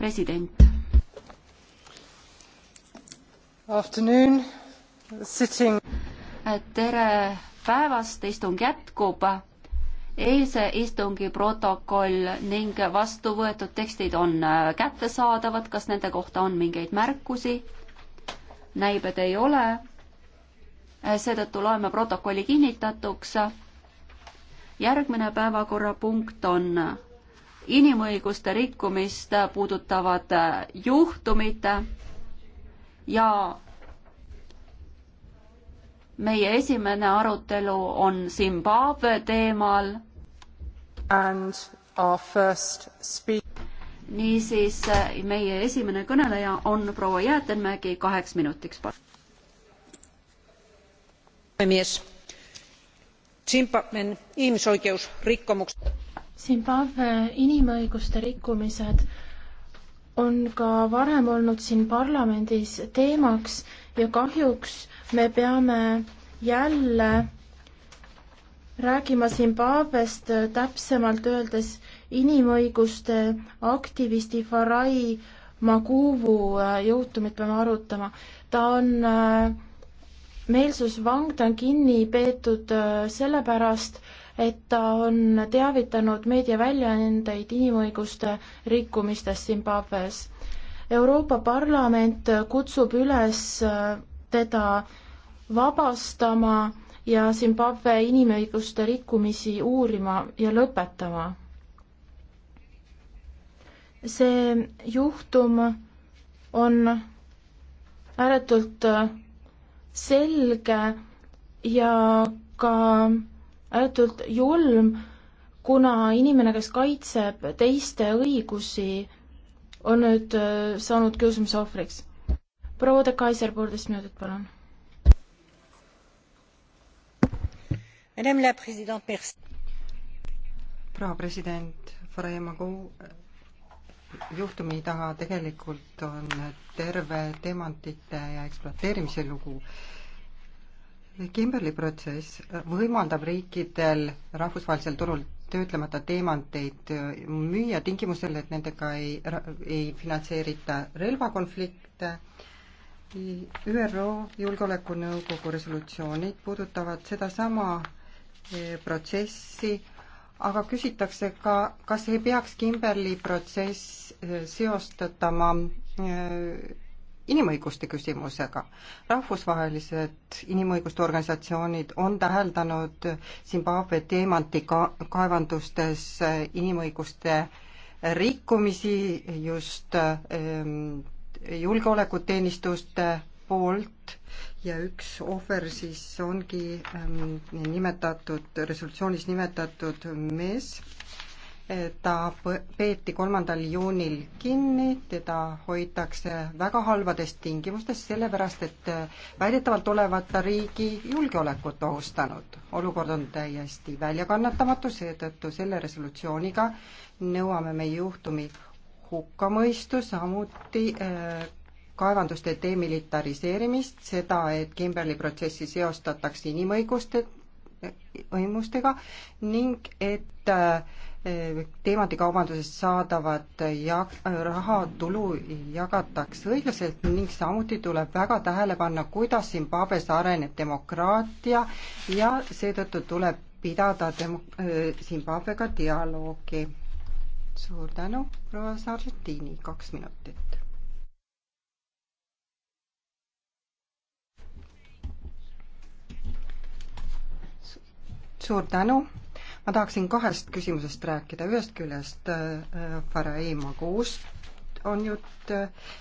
president. tere päevast, istung jätkub. eilse istungi protokoll ning vastu võetud tekstid on äh, kättesaadavad, kas nende kohta on mingeid märkusi? näib, et ei ole. Äh, seetõttu loeme protokolli kinnitatuks. järgmine päevakorrapunkt on inimõiguste rikkumist puudutavad juhtumid ja meie esimene arutelu on Zimbabwe teemal. niisiis, meie esimene kõneleja on proua Jäätenmägi, kaheks minutiks. puhemies, Zimbabwe'n ihmisoikeusrikkomukset Zimbabwe inimõiguste rikkumised on ka varem olnud siin parlamendis teemaks ja kahjuks me peame jälle räägima Zimbabwest, täpsemalt öeldes inimõiguste aktivisti Farai Maguvu äh, juhtumit peame arutama. ta on äh, meelsusvang, ta on kinni peetud äh, sellepärast, et ta on teavitanud meediaväljaandeid inimõiguste rikkumistest Zimbabwe's. Euroopa Parlament kutsub üles äh, teda vabastama ja Zimbabwe inimõiguste rikkumisi uurima ja lõpetama. see juhtum on ääretult äh, selge ja ka ääretult julm, kuna inimene, kes kaitseb teiste õigusi, on nüüd äh, saanud kiusamise ohvriks. proua de Kaiser, poolteist minutit, palun. proua president, Faremagu juhtumi taga tegelikult on terve demantite ja ekspluateerimise lugu Kimberli protsess võimaldab riikidel rahvusvahelisel turul töötlemata teemanteid äh, müüa tingimusel, et nendega ei, ei finantseerita relvakonflikte. ÜRO Julgeolekunõukogu resolutsioonid puudutavad sedasama äh, protsessi, aga küsitakse ka, kas ei peaks Kimberli protsess äh, seostatama inimõiguste küsimusega. rahvusvahelised inimõiguste organisatsioonid on täheldanud Zimbabwe teemanti ka-, kaevandustes inimõiguste rikkumisi just ähm, julgeolekuteenistuste poolt ja üks ohver siis ongi ähm, nimetatud, resolutsioonis nimetatud mees, ta peeti kolmandal juunil kinni, teda hoitakse väga halbades tingimustes, sellepärast et äh, väidetavalt olevat ta riigi julgeolekut ohustanud. olukord on täiesti väljakannatamatu, seetõttu selle resolutsiooniga nõuame me juhtumi hukkamõistu, samuti äh, kaevanduste demilitariseerimist, seda, et Kimberli protsessi seostatakse inimõiguste, äh, õimustega ning et äh, teemandikaubandusest saadavat ja-, rahatulu jagatakse õiglaselt ning samuti tuleb väga tähele panna, kuidas Zimbabwe's areneb demokraatia ja seetõttu tuleb pidada dem-, äh, Zimbabwega dialoogi. suur tänu, proua Sargentini, kaks minutit. suur tänu ma tahaksin kahest küsimusest rääkida, ühest küljest äh, äh, Farai Magus on jutt,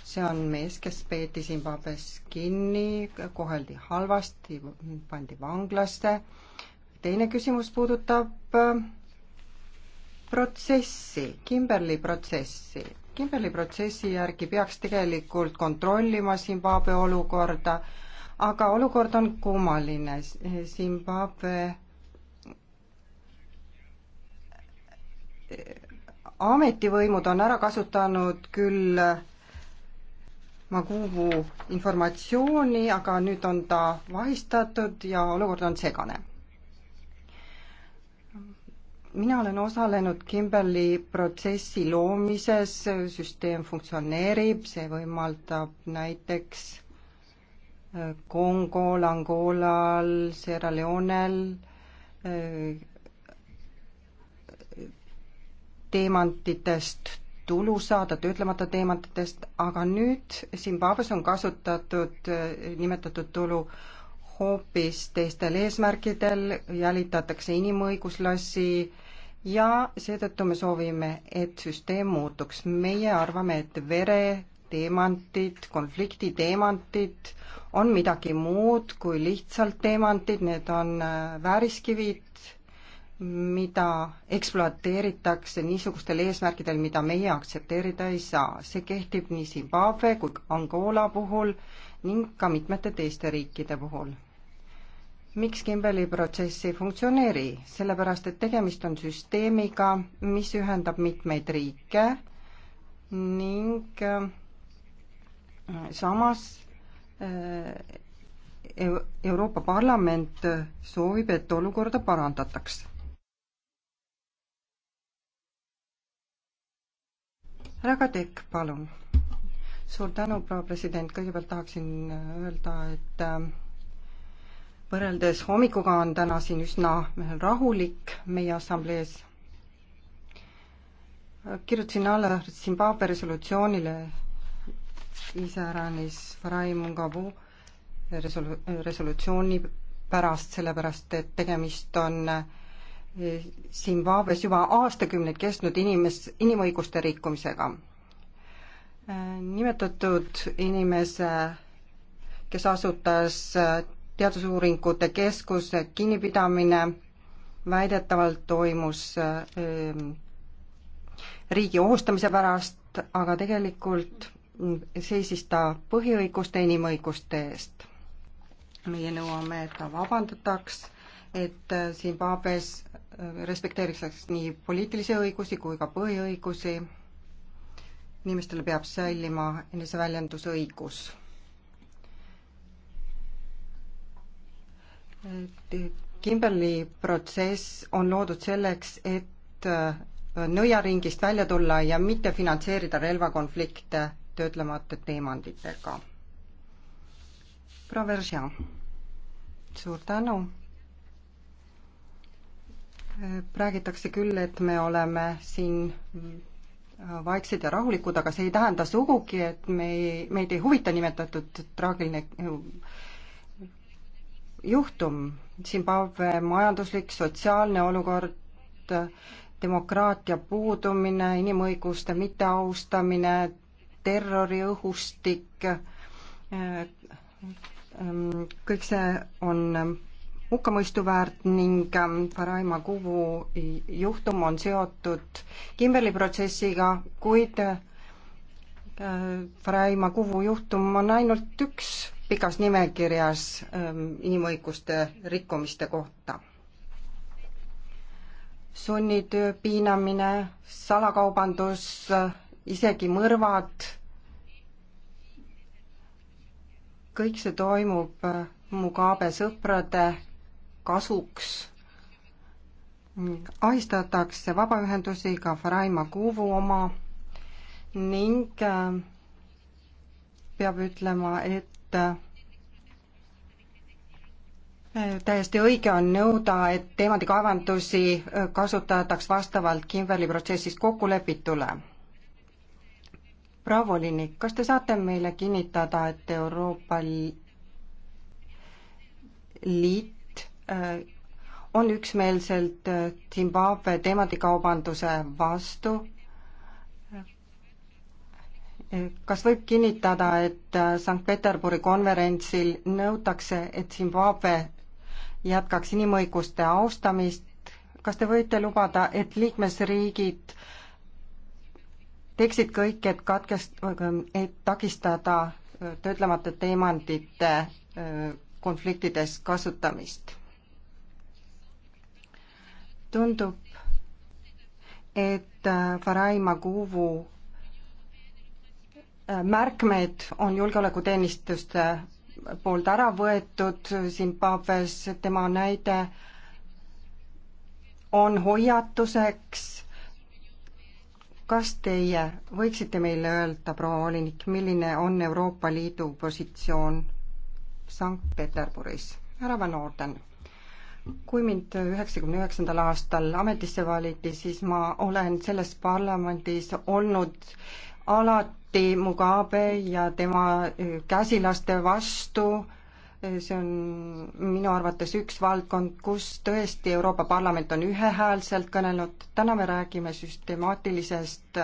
see on mees, kes peeti Zimbabwe's kinni, koheldi halvasti, pandi vanglasse. teine küsimus puudutab äh, protsessi, Kimberli protsessi. Kimberli protsessi järgi peaks tegelikult kontrollima Zimbabwe olukorda, aga olukord on kummaline. Zimbabwe ametivõimud on ära kasutanud küll Maguvu informatsiooni, aga nüüd on ta vahistatud ja olukord on segane. mina olen osalenud Kimberli protsessi loomises, süsteem funktsioneerib, see võimaldab näiteks äh, Kongol, Angolal, Sierra Leonel äh, teemantidest tulu saada, töötlemata teemantidest, aga nüüd Zimbabwe's on kasutatud eh, nimetatud tulu hoopis teistel eesmärkidel, jälitatakse inimõiguslasi ja seetõttu me soovime, et süsteem muutuks. meie arvame, et vere teemantid, konflikti teemantid on midagi muud kui lihtsalt teemantid, need on eh, vääriskivid mida ekspluateeritakse niisugustel eesmärkidel, mida meie aktsepteerida ei saa. see kehtib nii Zimbabwe kui Angola puhul ning ka mitmete teiste riikide puhul. miks Kimbeli protsess ei funktsioneeri? sellepärast, et tegemist on süsteemiga, mis ühendab mitmeid riike ning äh, samas äh, Euroopa Parlament soovib, et olukorda parandataks härra Kadek, palun. suur tänu, proua president, kõigepealt tahaksin äh, öelda, et äh, võrreldes hommikuga on täna siin üsna äh, rahulik meie assamblees. kirjutasin alla Zimbabwe resolutsioonile iseäranis Raimungavu resolu-, resolutsiooni pärast, sellepärast et tegemist on äh, Zimbabwe's juba aastakümneid kestnud inimes, inimõiguste rikkumisega. nimetatud inimese, kes asutas äh, teadusuuringute keskuse kinnipidamine, väidetavalt toimus äh, ähm, riigi ohustamise pärast, aga tegelikult seisis ta põhiõiguste ja inimõiguste eest. meie nõuame, et ta vabandataks, et äh, Zimbabwe's respekteeritakse nii poliitilisi õigusi kui ka põhiõigusi. inimestel peab säilima eneseväljendusõigus. Kimberli protsess on loodud selleks, et äh, nõiaringist välja tulla ja mitte finantseerida relvakonflikte töötlemata teemantidega. proua Veržan, suur tänu räägitakse küll, et me oleme siin vaiksed ja rahulikud, aga see ei tähenda sugugi, et me ei, meid ei huvita nimetatud traagiline äh, juhtum. Zimbabwe majanduslik, sotsiaalne olukord, demokraatia puudumine, inimõiguste mitteaustamine, terroriõhustik, äh, äh, kõik see on hukkamõistuväärt ning Faraima ähm, Kuvu juhtum on seotud Kimberli protsessiga, kuid Faraima äh, Kuvu juhtum on ainult üks pikas nimekirjas ähm, inimõiguste rikkumiste kohta. sunnitöö, piinamine, salakaubandus, isegi mõrvad, kõik see toimub äh, Mugabe sõprade kasuks. ahistatakse vabaühendusi, ka Faraima Kuvu oma ning äh, peab ütlema, et äh, täiesti õige on nõuda, et teemandikaevandusi äh, kasutataks vastavalt Kimberli protsessis kokkulepitule. proua volinik, kas te saate meile kinnitada, et Euroopa Liit Äh, on üksmeelselt äh, Zimbabwe teemadikaubanduse vastu. kas võib kinnitada, et äh, Sankt-Peterburi konverentsil nõutakse, et Zimbabwe jätkaks inimõiguste austamist, kas te võite lubada, et liikmesriigid teeksid kõik, et katkest-, et takistada töötlemata teemantide konfliktides kasutamist? tundub, et äh, Farai Maguvu äh, märkmed on julgeolekuteenistuste poolt ära võetud Zimbabwes, tema näide on hoiatuseks. kas teie võiksite meile öelda, proua volinik, milline on Euroopa Liidu positsioon Sankt-Peterburis? härra Van Orden kui mind üheksakümne üheksandal aastal ametisse valiti, siis ma olen selles parlamendis olnud alati Mugabe ja tema e, käsilaste vastu, e, see on minu arvates üks valdkond, kus tõesti Euroopa Parlament on ühehäälselt kõnelenud, täna me räägime süstemaatilisest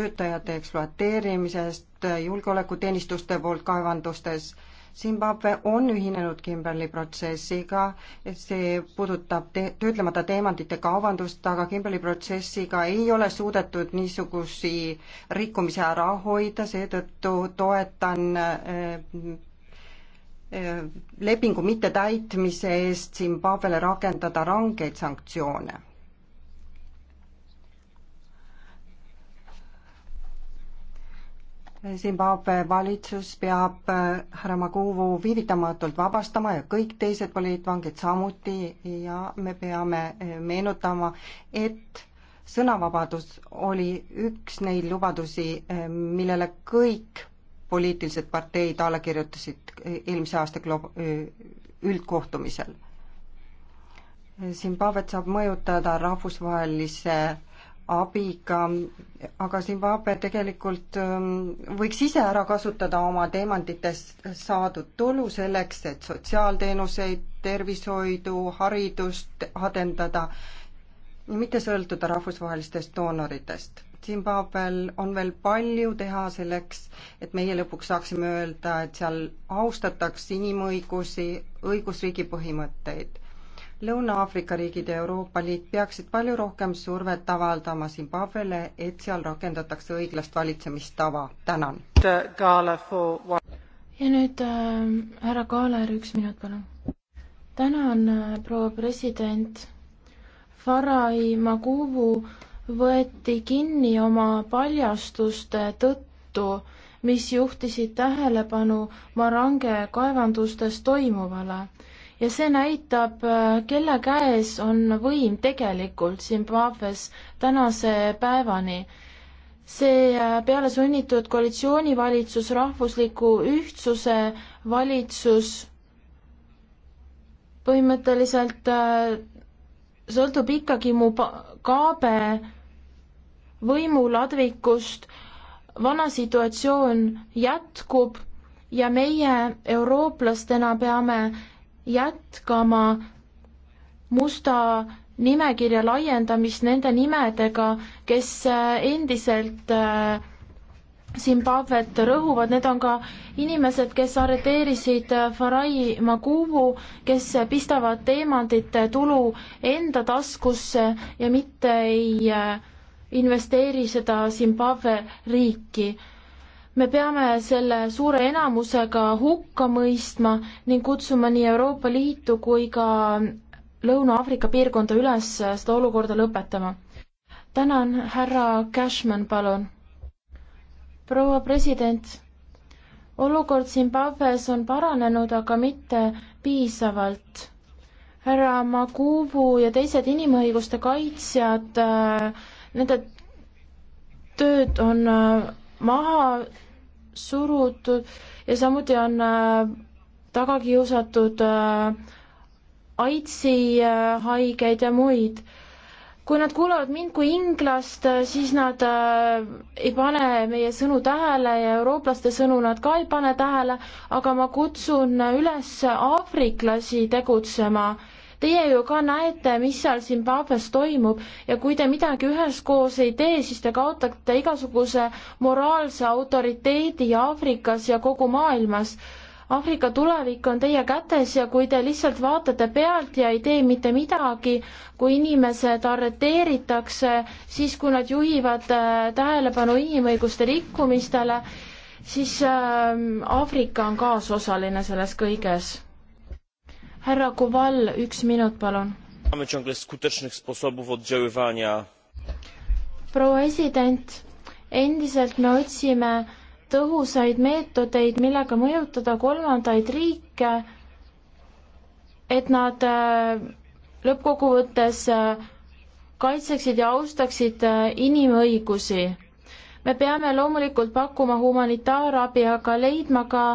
töötajate ekspluateerimisest julgeolekuteenistuste poolt kaevandustes Zimbabwe on ühinenud Kimberli protsessiga, see puudutab te-, töötlemata teemantide kaubandust, aga Kimberli protsessiga ei ole suudetud niisugusi rikkumisi ära hoida, seetõttu toetan äh, äh, lepingu mittetäitmise eest Zimbabwele rakendada rangeid sanktsioone Zimbabwe valitsus peab äh, härra Maguvu viivitamatult vabastama ja kõik teised poliitvangid samuti ja me peame äh, meenutama, et sõnavabadus oli üks neid lubadusi, äh, millele kõik poliitilised parteid alla kirjutasid eelmise aasta glo-, üldkohtumisel. Zimbabwet saab mõjutada rahvusvahelise abiga, aga Zimbabwe tegelikult ähm, võiks ise ära kasutada oma teemantidest saadud tulu selleks, et sotsiaalteenuseid, tervishoidu, haridust adendada, mitte sõltuda rahvusvahelistest doonoritest. Zimbabwel on veel palju teha selleks, et meie lõpuks saaksime öelda, et seal austatakse inimõigusi, õigusriigi põhimõtteid Lõuna-Aafrika riigid ja Euroopa Liit peaksid palju rohkem survet avaldama Zimbabwele, et seal rakendatakse õiglast valitsemistava. tänan. ja nüüd äh, härra Kaaler, üks minut, palun. tänan äh,, proua president. Farai Maguvu võeti kinni oma paljastuste tõttu, mis juhtisid tähelepanu Marange kaevandustes toimuvale ja see näitab, äh, kelle käes on võim tegelikult Zimbabwes tänase päevani. see äh, pealesunnitud koalitsioonivalitsus, rahvusliku ühtsuse valitsus põhimõtteliselt äh, sõltub ikkagi Mugabe võimuladvikust, vana situatsioon jätkub ja meie eurooplastena peame jätkama musta nimekirja laiendamist nende nimedega, kes äh, endiselt äh, Zimbabwet rõhuvad, need on ka inimesed, kes arreteerisid äh, Farai Maguvu, kes pistavad teemantide tulu enda taskusse ja mitte ei investeeri seda Zimbabwe riiki me peame selle suure enamusega hukka mõistma ning kutsuma nii Euroopa Liitu kui ka Lõuna-Aafrika piirkonda üles seda olukorda lõpetama. tänan, härra Cashman, palun. proua president, olukord Zimbabwe's on paranenud, aga mitte piisavalt. härra Magubu ja teised inimõiguste kaitsjad, äh, nende tööd on äh, maha surutud ja samuti on äh, taga kiusatud äh, AIDSi äh, haigeid ja muid. kui nad kuulavad mind kui inglast, siis nad ei pane meie sõnu tähele ja eurooplaste sõnu nad ka ei pane tähele, aga ma kutsun üles aafriklasi tegutsema Teie ju ka näete, mis seal Zimbabwe's toimub ja kui te midagi üheskoos ei tee, siis te kaotate igasuguse moraalse autoriteedi Aafrikas ja kogu maailmas Aafrika tulevik on teie kätes ja kui te lihtsalt vaatate pealt ja ei tee mitte midagi, kui inimesed arreteeritakse, siis kui nad juhivad äh, tähelepanu inimõiguste rikkumistele, siis ähm, Aafrika on kaasosaline selles kõiges härra Koval, üks minut, palun. proua president, endiselt me otsime tõhusaid meetodeid, millega mõjutada kolmandaid riike, et nad äh, lõppkokkuvõttes äh, kaitseksid ja austaksid äh, inimõigusi. me peame loomulikult pakkuma humanitaarabi, aga leidma ka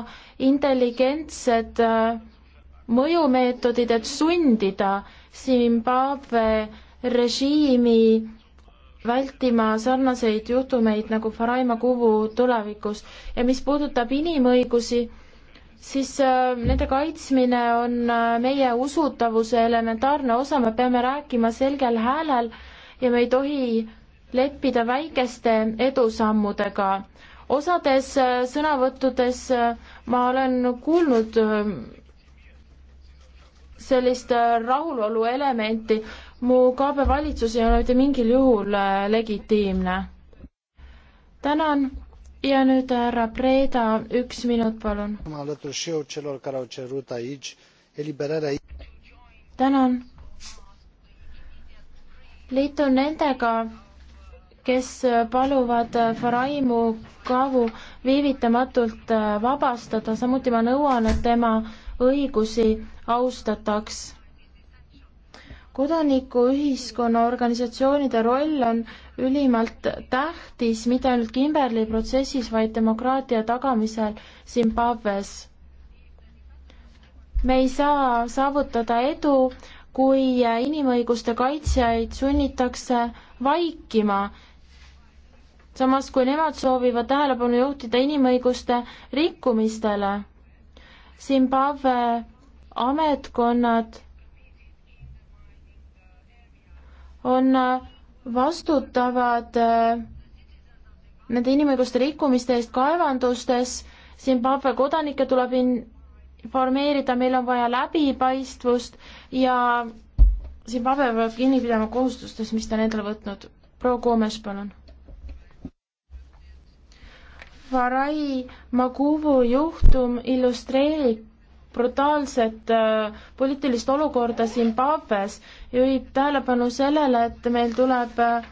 intelligentsed äh, mõjumeetodid, et sundida Zimbabwe režiimi vältima sarnaseid juhtumeid nagu Faraima Kuvu tulevikus ja mis puudutab inimõigusi, siis äh, nende kaitsmine on äh, meie usutavuse elementaarne osa, me peame rääkima selgel häälel ja me ei tohi leppida väikeste edusammudega. osades äh, sõnavõttudes ma olen kuulnud sellist äh, rahulolu elementi. Mugabe valitsus ei ole mitte mingil juhul äh, legitiimne. tänan ja nüüd äh, härra Preda, üks minut, palun. tänan. liitun nendega, kes paluvad Faraimu Kavu viivitamatult vabastada, samuti ma nõuan, et tema õigusi austataks. kodanikuühiskonna organisatsioonide roll on ülimalt tähtis mitte ainult Kimberli protsessis, vaid demokraatia tagamisel Zimbabwes. me ei saa saavutada edu, kui inimõiguste kaitsjaid sunnitakse vaikima samas kui nemad soovivad tähelepanu juhtida inimõiguste rikkumistele. Zimbabwe ametkonnad on vastutavad äh, nende inimõiguste rikkumiste eest kaevandustes, Zimbabwe kodanikke tuleb informeerida, meil on vaja läbipaistvust ja Zimbabwe peab kinni pidama kohustustest, mis ta on endale võtnud. proua Koomes, palun Varai Maguvu juhtum illustreerib brutaalset äh, poliitilist olukorda Zimbabwes ja juhib tähelepanu sellele, et meil tuleb äh,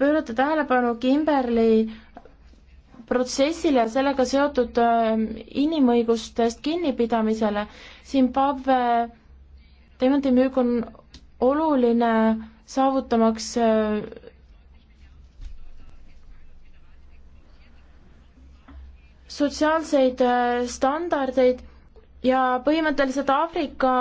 pöörata tähelepanu Kimberli protsessile ja sellega seotud äh, inimõigustest kinnipidamisele. Zimbabwe teemantide müük on oluline saavutamaks äh, sotsiaalseid äh, standardeid ja põhimõtteliselt Aafrika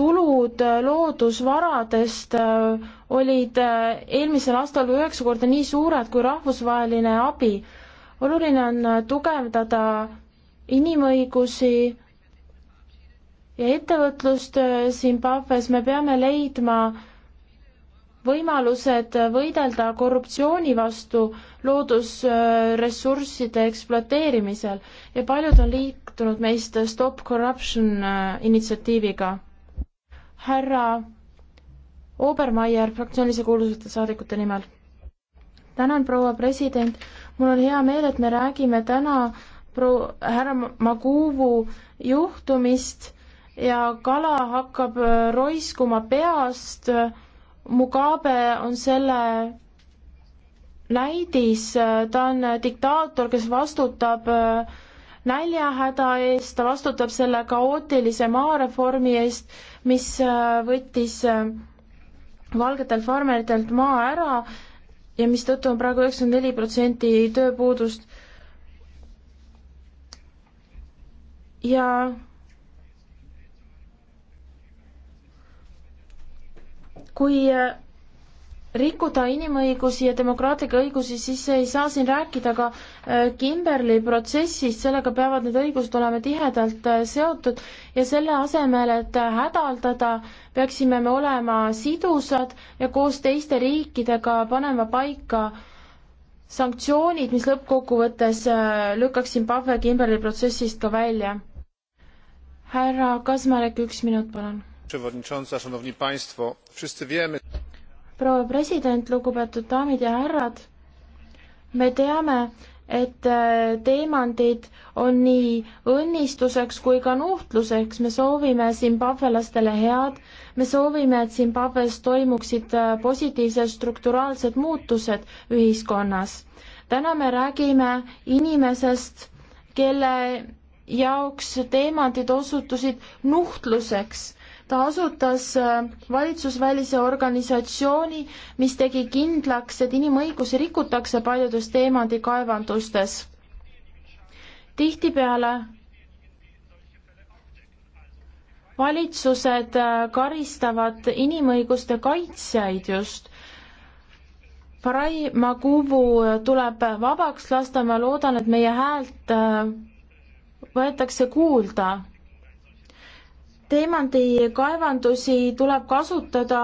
tulud äh, loodusvaradest äh, olid eelmisel aastal üheksa korda nii suured kui rahvusvaheline abi. oluline on tugevdada inimõigusi ja ettevõtlust Zimbabwe's, me peame leidma võimalused võidelda korruptsiooni vastu loodusressursside ekspluateerimisel ja paljud on liitunud meist Stop Corruption äh, initsiatiiviga. härra Obermeier fraktsioonilise kuulusate saadikute nimel. tänan, proua president, mul on hea meel, et me räägime täna pro-, härra Maguvu juhtumist ja kala hakkab äh, roiskuma peast äh, Mugabe on selle näidis, ta on diktaator, kes vastutab äh, näljahäda eest, ta vastutab selle kaootilise maareformi eest, mis äh, võttis äh, valgetelt farmeritelt maa ära ja mistõttu on praegu üheksakümmend neli protsenti tööpuudust. ja kui äh, rikkuda inimõigusi ja demokraatlikke õigusi, siis ei saa siin rääkida ka äh, Kimberli protsessist, sellega peavad need õigused olema tihedalt äh, seotud ja selle asemel, et hädaldada, peaksime me olema sidusad ja koos teiste riikidega panema paika sanktsioonid, mis lõppkokkuvõttes lükkaks Zimbabwe Kimberli protsessist ka välja. härra Kasmarek, üks minut, palun proua president, lugupeetud daamid ja härrad, me teame, et äh, teemandid on nii õnnistuseks kui ka nuhtluseks, me soovime zimbabvelastele head, me soovime, et Zimbabwes toimuksid äh, positiivsed strukturaalsed muutused ühiskonnas. täna me räägime inimesest, kelle jaoks teemandid osutusid nuhtluseks ta asutas äh, valitsusvälise organisatsiooni, mis tegi kindlaks, et inimõigusi rikutakse paljudes teemandi kaevandustes. tihtipeale valitsused äh, karistavad inimõiguste kaitsjaid just. Farai Magubu tuleb vabaks lasta, ma loodan, et meie häält äh, võetakse kuulda teemandikaevandusi tuleb kasutada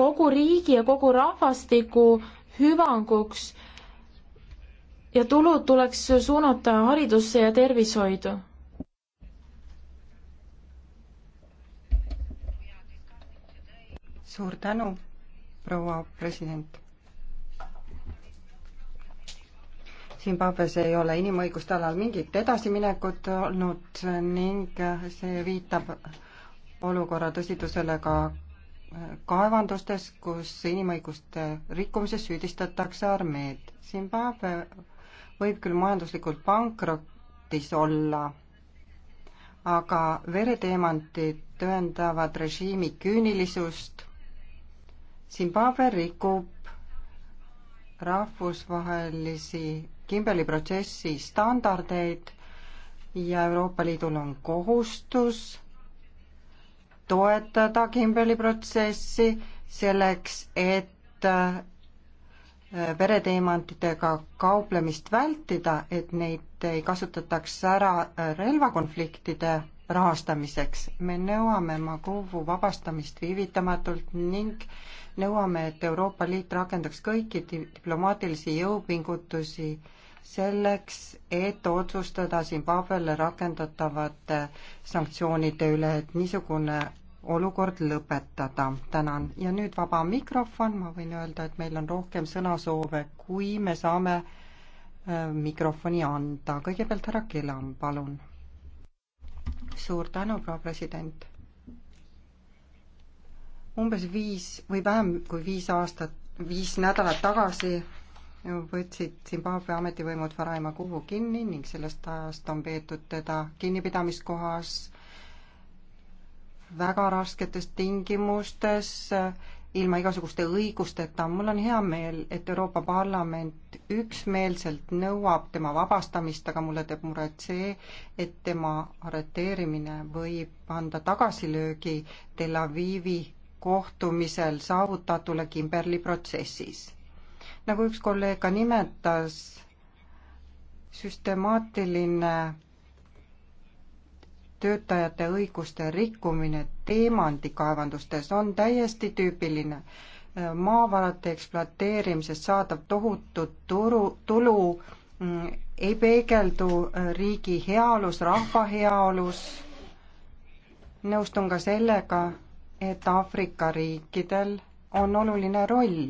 kogu riigi ja kogu rahvastiku hüvanguks ja tulud tuleks suunata haridusse ja tervishoidu. suur tänu, proua president Zimbabwe's ei ole inimõiguste alal mingit edasiminekut olnud ning see viitab olukorra tõsidusele ka äh, kaevandustes, kus inimõiguste rikkumises süüdistatakse armeed. Zimbabwe võib küll majanduslikult pankrotis olla, aga vereteemantid tõendavad režiimi küünilisust. Zimbabwe rikub rahvusvahelisi Kimbeli protsessi standardeid ja Euroopa Liidul on kohustus toetada Kimbeli protsessi selleks, et äh, vereteemantidega kauplemist vältida, et neid ei kasutataks ära äh, relvakonfliktide rahastamiseks. me nõuame Maguvu vabastamist viivitamatult ning nõuame, et Euroopa Liit rakendaks kõiki diplomaatilisi jõupingutusi selleks, et otsustada Zimbabwele rakendatavate sanktsioonide üle, et niisugune olukord lõpetada. tänan. ja nüüd vaba mikrofon, ma võin öelda, et meil on rohkem sõnasoove, kui me saame äh, mikrofoni anda. kõigepealt härra Kelam, palun suur tänu, proua president. umbes viis või vähem kui viis aastat, viis nädalat tagasi võtsid Zimbabwe ametivõimud Faraima kuhu kinni ning sellest ajast on peetud teda kinnipidamiskohas väga rasketes tingimustes äh, ilma igasuguste õigusteta. mul on hea meel, et Euroopa Parlament üksmeelselt nõuab tema vabastamist, aga mulle teeb muret see, et tema arreteerimine võib anda tagasilöögi Tel Avivi kohtumisel saavutatule Kimberli protsessis. nagu üks kolleeg ka nimetas, süstemaatiline töötajate õiguste rikkumine teemandikaevandustes on täiesti tüüpiline. maavarade ekspluateerimisest saadav tohutu turu, tulu mm, ei peegeldu riigi heaolus, rahva heaolus. nõustun ka sellega, et Aafrika riikidel on oluline roll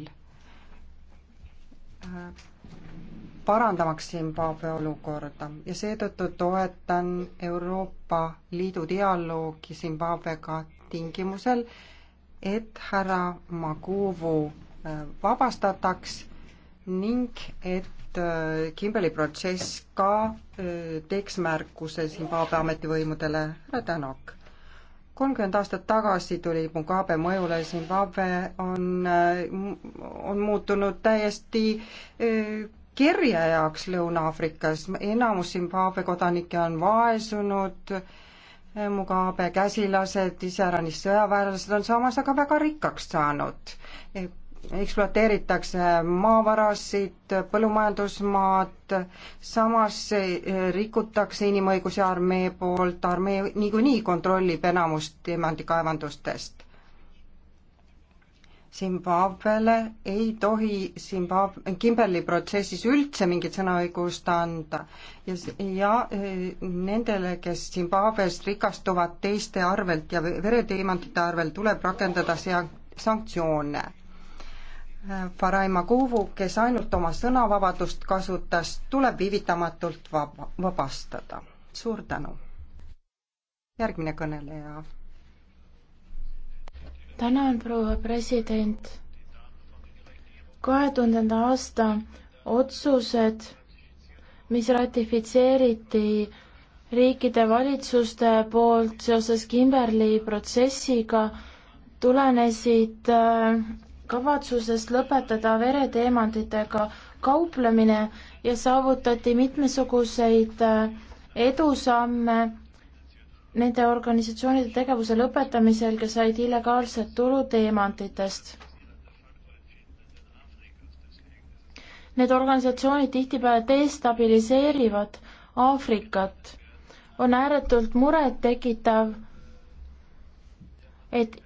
parandamaks Zimbabwe olukorda ja seetõttu toetan Euroopa Liidu dialoogi Zimbabwega tingimusel, et härra Maguvu äh, vabastataks ning et äh, Kimberli protsess ka äh, teeks märkuse Zimbabwe ametivõimudele, härra Tänak kolmkümmend aastat tagasi tuli Mugabe mõjule, Zimbabwe on, on muutunud täiesti kerjajaks Lõuna-Aafrikas, enamus Zimbabwe kodanikke on vaesunud, Mugabe käsilased, iseäranis sõjaväelased on samas aga väga rikkaks saanud. ekspluateeritakse maavarasid, põllumajandusmaad, samas rikutakse inimõigusi armee poolt, armee niikuinii kontrollib enamust diamandikaevandustest Zimbabwele ei tohi Zimbab-, Kimberli protsessis üldse mingit sõnaõigust anda ja, ja eh, nendele, kes Zimbabwest rikastuvad teiste arvelt ja vereteemantide arvel, tuleb rakendada sea-, sanktsioone. Eh, Faraima Kuvu, kes ainult oma sõnavabadust kasutas, tuleb viivitamatult vaba, vabastada. suur tänu! järgmine kõneleja tänan, proua president. kahe tuhandenda aasta otsused, mis ratifitseeriti riikide valitsuste poolt seoses Kimberli protsessiga, tulenesid äh, kavatsusest lõpetada vereteemantidega kauplemine ja saavutati mitmesuguseid äh, edusamme nende organisatsioonide tegevuse lõpetamisel, kes said illegaalset tulu teemantidest. Need organisatsioonid tihtipeale destabiliseerivad Aafrikat. on ääretult murettekitav, et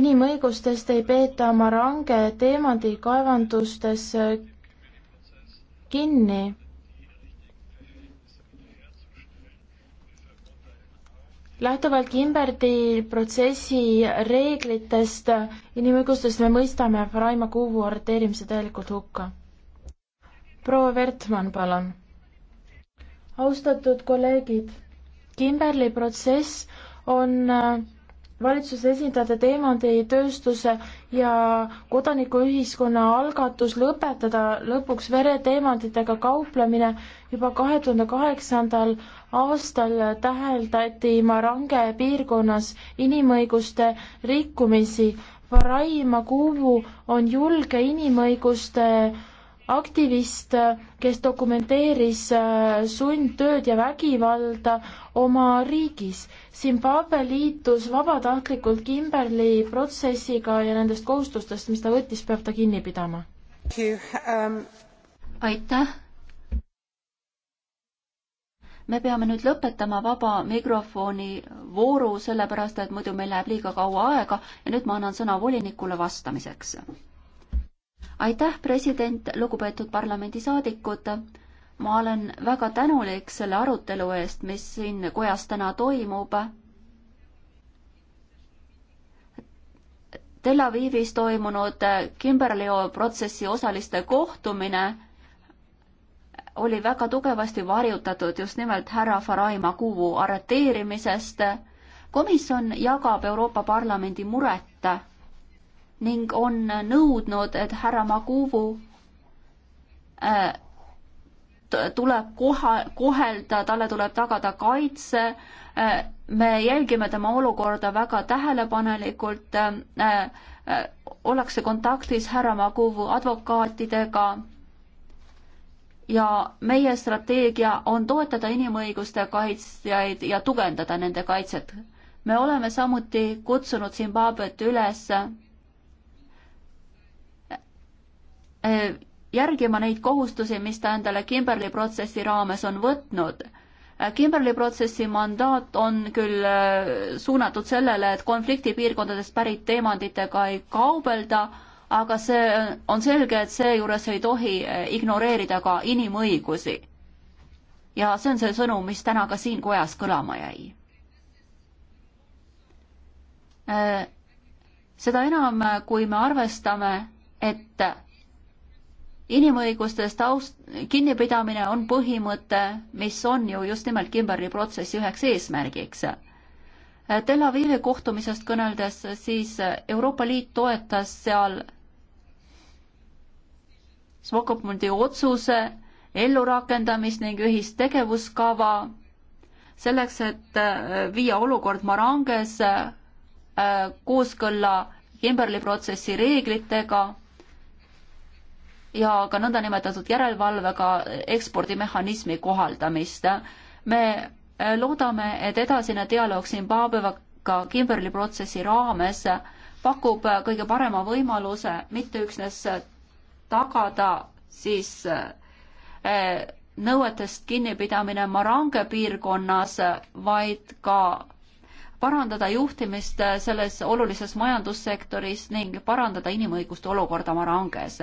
inimõigustest ei peeta oma range teemandikaevandustes kinni lähtuvalt Kimberdi protsessi reeglitest, inimõigustest me mõistame Faraima Kuuvu arreteerimise täielikult hukka. proua Vertmann, palun. austatud kolleegid, Kimberli protsess on äh, valitsuse esindajate teemandi tööstuse ja kodanikuühiskonna algatus lõpetada lõpuks vereteemantidega kauplemine juba kahe tuhande kaheksandal aastal täheldati Marange piirkonnas inimõiguste rikkumisi. Paraima Kuvu on julge inimõiguste aktivist, kes dokumenteeris äh, sundtööd ja vägivalda oma riigis. Zimbabwe liitus vabatahtlikult Kimberli protsessiga ja nendest kohustustest, mis ta võttis, peab ta kinni pidama. Um... aitäh. me peame nüüd lõpetama vaba mikrofoni vooru, sellepärast et muidu meil läheb liiga kaua aega ja nüüd ma annan sõna volinikule vastamiseks aitäh, president, lugupeetud parlamendisaadikud. ma olen väga tänulik selle arutelu eest, mis siin kojas täna toimub. Tel Avivis toimunud Kimberleo protsessi osaliste kohtumine oli väga tugevasti varjutatud just nimelt härra Farai Maguvu arreteerimisest. komisjon jagab Euroopa Parlamendi muret ning on nõudnud, et härra Maguvu äh, tuleb koha, kohelda, talle tuleb tagada kaitse. Äh, me jälgime tema olukorda väga tähelepanelikult. Äh, ollakse kontaktis härra Maguvu advokaatidega ja meie strateegia on toetada inimõiguste kaitsjaid ja tugevdada nende kaitset. me oleme samuti kutsunud Zimbabwet üles Äh, järgima neid kohustusi, mis ta endale Kimberli protsessi raames on võtnud. Äh, Kimberli protsessi mandaat on küll äh, suunatud sellele, et konfliktipiirkondadest pärit teemantidega ei kaubelda, aga see on selge, et seejuures ei tohi ignoreerida ka inimõigusi. ja see on see sõnum, mis täna ka siin kojas kõlama jäi. seda enam, kui me arvestame, et inimõigustest aust-, kinnipidamine on põhimõte, mis on ju just nimelt Kimberli protsessi üheks eesmärgiks. Tel Avivi kohtumisest kõneldes, siis Euroopa Liit toetas seal Svokopmundi otsuse ellurakendamist ning ühistegevuskava selleks, et äh, viia olukord Maranges äh, kooskõlla Kimberli protsessi reeglitega ja ka nõndanimetatud järelevalvega ekspordimehhanismi kohaldamist. me äh, loodame, et edasine dialoog Zimbabwega Kimberli protsessi raames pakub äh, kõige parema võimaluse mitte üksnes äh, tagada siis nõuetest kinnipidamine Marange piirkonnas, vaid ka parandada juhtimist selles olulises majandussektoris ning parandada inimõiguste olukorda Maranges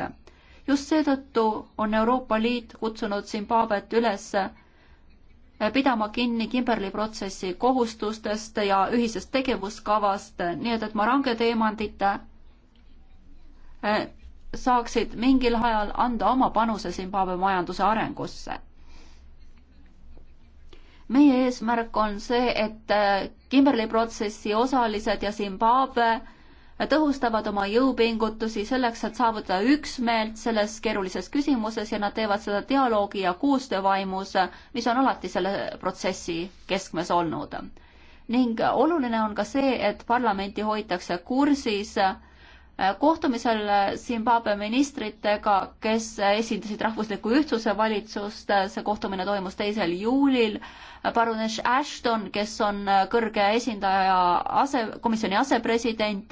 just seetõttu on Euroopa Liit kutsunud Zimbabwet üles eh, pidama kinni Kimberli protsessi kohustustest ja ühisest tegevuskavast, nii et, et Marange teemandid eh, saaksid mingil ajal anda oma panuse Zimbabwe majanduse arengusse. meie eesmärk on see, et eh, Kimberli protsessi osalised ja Zimbabwe tõhustavad oma jõupingutusi selleks, et saavutada üksmeelt selles keerulises küsimuses ja nad teevad seda dialoogi ja koostöövaimus, mis on alati selle protsessi keskmes olnud. ning oluline on ka see, et parlamenti hoitakse kursis äh, Äh, kohtumisel äh, Zimbabwe ministritega, kes esindasid rahvusliku ühtsuse valitsust, äh, see kohtumine toimus teisel juulil. parunes Ashton, kes on kõrge esindaja ase, komisjoni asepresident,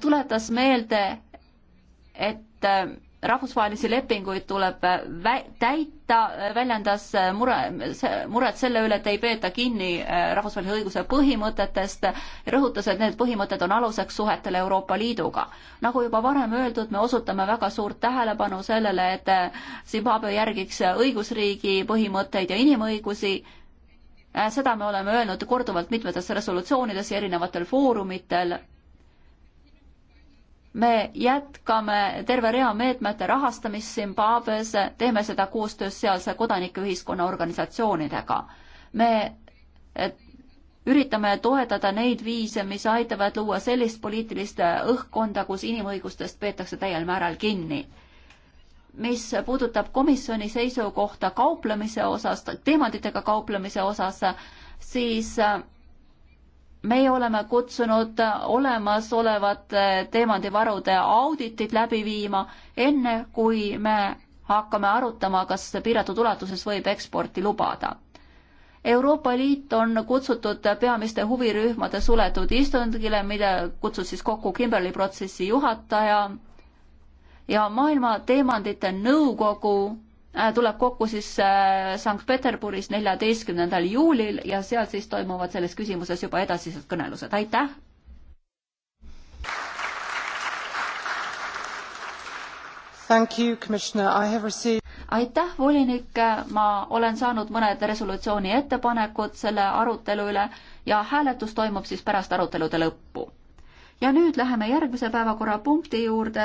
tuletas meelde, et rahvusvahelisi lepinguid tuleb äh, vä-, täita, äh, väljendas äh, mure, muret selle üle, et ei peeta kinni rahvusvahelise õiguse põhimõtetest ja rõhutas, et need põhimõtted on aluseks suhetele Euroopa Liiduga. nagu juba varem öeldud, me osutame väga suurt tähelepanu sellele, et Zimbabwe järgiks õigusriigi põhimõtteid ja inimõigusi, seda me oleme öelnud korduvalt mitmetes resolutsioonides ja erinevatel foorumitel me jätkame terve rea meetmete rahastamist Zimbabwe's, teeme seda koostöös sealse kodanikeühiskonna organisatsioonidega. me eh, üritame toetada neid viise, mis aitavad luua sellist poliitilist õhkkonda, kus inimõigustest peetakse täiel määral kinni. mis puudutab komisjoni seisukohta kauplemise osas, teemantidega kauplemise osas, siis eh, meie oleme kutsunud olemasolevate eh, teemandivarude auditid läbi viima, enne kui me hakkame arutama, kas piiratud ulatuses võib eksporti lubada. Euroopa Liit on kutsutud peamiste huvirühmade suletud istungile, mille kutsus siis kokku Kimberli protsessi juhataja ja Maailma Teemandite Nõukogu Äh, tuleb kokku siis äh, Sankt-Peterburis neljateistkümnendal juulil ja seal siis toimuvad selles küsimuses juba edasised kõnelused, aitäh! Received... aitäh, volinik, äh, ma olen saanud mõned resolutsiooni ettepanekud selle arutelu üle ja hääletus toimub siis pärast arutelude lõppu. ja nüüd läheme järgmise päevakorrapunkti juurde.